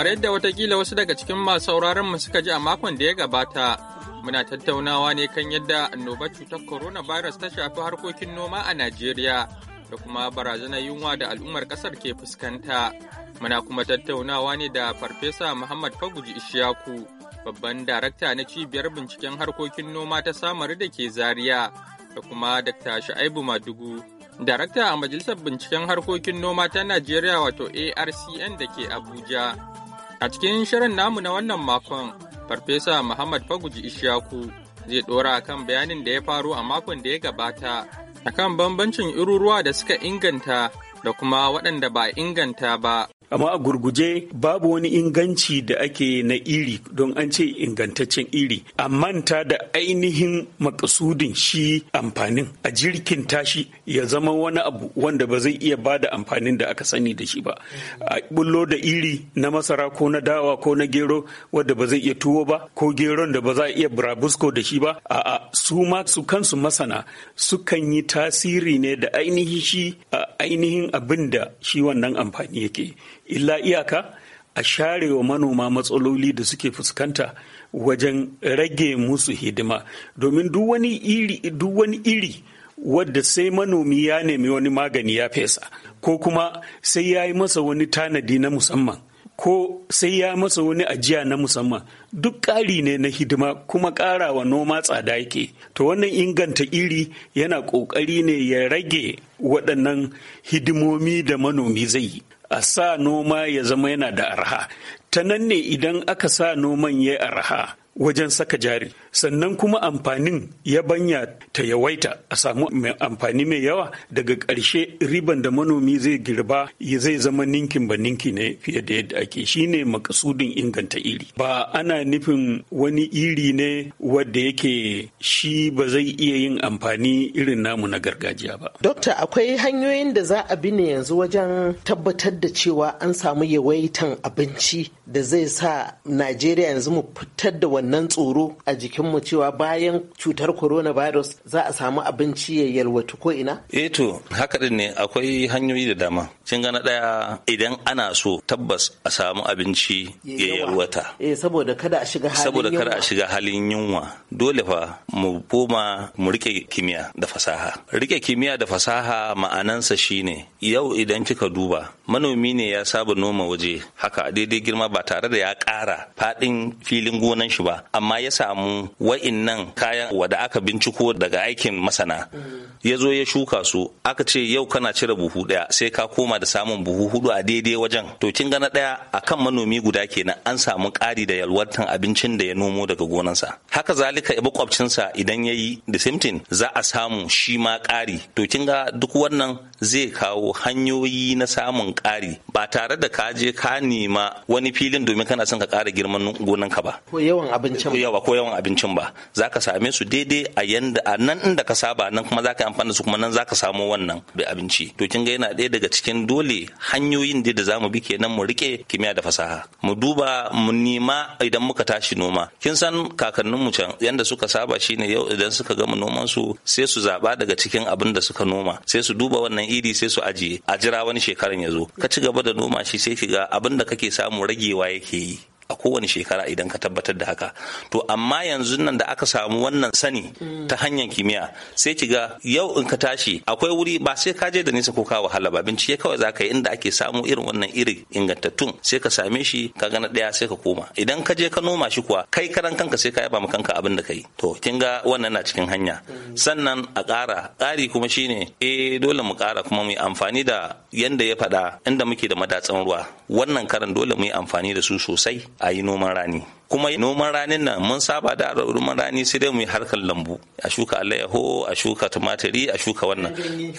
Kamar yadda watakila wasu daga cikin masu sauraron mu suka ji a makon da ya gabata, muna tattaunawa ne kan yadda annoba cutar coronavirus ta shafi harkokin noma a Najeriya da kuma barazanar yunwa da al'ummar kasar ke fuskanta. Muna kuma tattaunawa ne da Farfesa Muhammad Faguji Ishaku, babban darakta na cibiyar binciken harkokin noma ta samari da ke Zaria, da kuma Dr. shaibu Madugu, darakta a Majalisar Binciken Harkokin Noma ta Najeriya wato ARCN da ke Abuja. A cikin shirin namu na wannan makon, Farfesa Muhammad Faguji Ishaku zai ɗora kan bayanin da ya faru a makon da ya gabata a kan bambancin iruruwa da suka inganta da kuma waɗanda ba inganta ba. amma a gurguje babu wani inganci da ake na iri don an ce ingantaccen iri a manta da ainihin makasudin shi amfanin a jirkin tashi ya zama wani abu wanda ba zai iya bada amfanin da aka sani da shi ba a bullo da iri na masara ko na dawa ko na gero wadda ba zai iya tuwo ba ko geron da ba za a iya burabusko da shi ba a su ma su kansu masana sukan yi tasiri ne da ainihin shi a ainihin abin da shi wannan amfani yake illa iyaka a share wa manoma matsaloli da suke fuskanta wajen rage musu hidima domin duk wani iri duk wani iri wadda sai manomi ya nemi wani magani ya fesa ko kuma sai ya yi masa wani tanadi na musamman ko sai ya masa wani ajiya na musamman duk ƙari ne na hidima kuma ƙarawa noma tsada yake to wannan inganta iri yana ƙoƙari ne ya rage waɗannan hidimomi da manomi zai yi a sa noma ya zama yana da arha ta nan ne idan aka sa noman ya arha wajen saka jari sannan kuma amfanin yabanya ta yawaita a samu amfani mai yawa daga ƙarshe riban da manomi zai girba zai zama ninkin ba ninki ne fiye da yadda ake shine makasudin inganta iri ba ana nufin wani iri ne wadda yake shi ba zai iya yin amfani irin namu na gargajiya ba dokta akwai hanyoyin da za a bi ne yanzu wajen tabbatar da cewa an samu yawaitan abinci da zai sa najeriya yanzu mu fitar da wannan tsoro a jikin mu cewa bayan cutar virus za a samu abinci ya yalwatu ko ina? Eh to haka din ne akwai hanyoyi da dama. Kin gana daya idan ana so tabbas a samu abinci ya yalwata. Eh saboda kada a shiga halin Saboda kada a shiga halin yunwa. Dole fa mu koma mu rike kimiyya da fasaha. Rike kimiyya da fasaha ma'anansa shine yau idan kika duba manomi ne ya saba noma waje haka daidai girma ba tare da ya ƙara faɗin filin gonan shi ba amma ya samu Wa'in nan kayan wada aka binciko daga aikin masana ya zo ya shuka su aka ce yau kana cire buhu daya sai ka koma da samun buhu hudu a daidai wajen to kin ga na daya akan manomi guda kenan an samu kari da yalwatan abincin da ya nomo daga gonansa haka zalika makwabcinsa idan ya yi da simtin za a samu shi ma kari to kin ga duk wannan zai kawo hanyoyi na samun ƙari ba tare da ka je ka nema wani filin domin kana son ka kara girman gonanka ba ko yawan abincin ba ko yawan abincin ba za same su daidai a yanda nan inda ka saba nan kuma za amfani su kuma nan zaka samu wannan bai abinci to kin ga yana ɗaya daga cikin dole hanyoyin da da zamu bi kenan mu rike kimiyya da fasaha mu duba mu nima idan muka tashi noma kin san kakannin mu can yanda suka saba shine yau idan suka gama noman su sai su zaba daga cikin abin da suka noma sai su duba wannan iri sai su ajiye a jira wani shekaran ya zo ka ci gaba da noma shi sai ki ga abin da kake samu ragewa yake yi a kowane shekara idan ka tabbatar da haka to amma yanzu nan da aka samu wannan sani ta hanyar kimiyya sai ki ga yau in ka tashi akwai wuri ba sai ka je da nisa ko ka wahala ba bincike kawai za ka yi inda ake samu irin wannan iri ingantattun sai ka same shi ka gana ɗaya sai ka koma idan ka je ka noma shi kuwa kai karan kanka sai ka yaba ma kanka abin da kai to kin ga wannan na cikin hanya sannan a ƙara ƙari kuma shine eh dole mu ƙara kuma mu yi amfani da yanda ya faɗa inda muke da madatsan ruwa wannan karan dole mu yi amfani da su sosai Aí no noman kuma noman ranin nan mun saba da noman rani sai dai mu yi harkar lambu a shuka alayyaho a shuka tumatiri a shuka wannan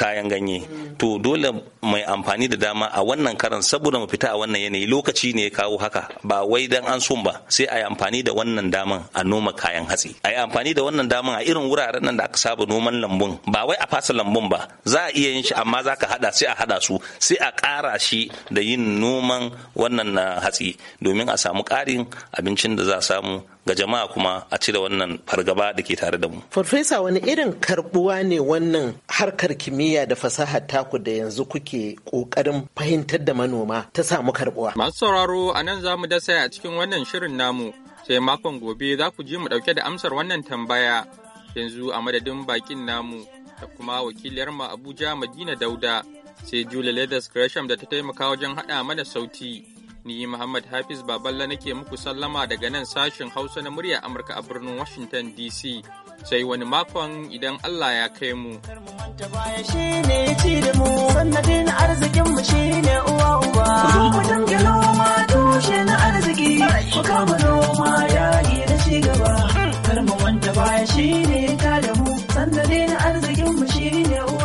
kayan ganye to dole mai amfani da dama a wannan karan saboda mu fita a wannan yanayi lokaci ne ya kawo haka ba wai dan an sun ba sai a yi amfani da wannan daman a noma kayan hatsi a yi amfani da wannan daman a irin wuraren nan da aka saba noman lambun ba wai a fasa lambun ba za a iya yin shi amma za ka hada sai a hada su sai a kara shi da yin noman wannan ah, hatsi domin a samu karin abincin da za a samu ga jama'a kuma a cire wannan fargaba da ke tare da mu. Farfesa wani irin karbuwa ne wannan harkar kimiyya da fasaha taku da yanzu kuke kokarin fahimtar da manoma ta samu karbuwa. Masu sauraro a nan za mu dasa a cikin wannan shirin namu sai makon gobe za ku je mu ɗauke da amsar wannan tambaya yanzu a madadin bakin namu da kuma wakiliyar mu Abuja Madina Dauda sai Julia Leathers Gresham da ta taimaka wajen haɗa mana sauti. Ni Muhammad Hafiz Baballa nake muku sallama daga nan sashen Hausa na murya Amurka a birnin Washington DC. Sai wani makon idan Allah ya kai mu. Sannadin arzikinmu shi ne Mu dinga noma tushe na arziki. Mu kama gaba. Kar mu manta baya shi ne ta da mu. Sannadin arzikinmu shi ne uwa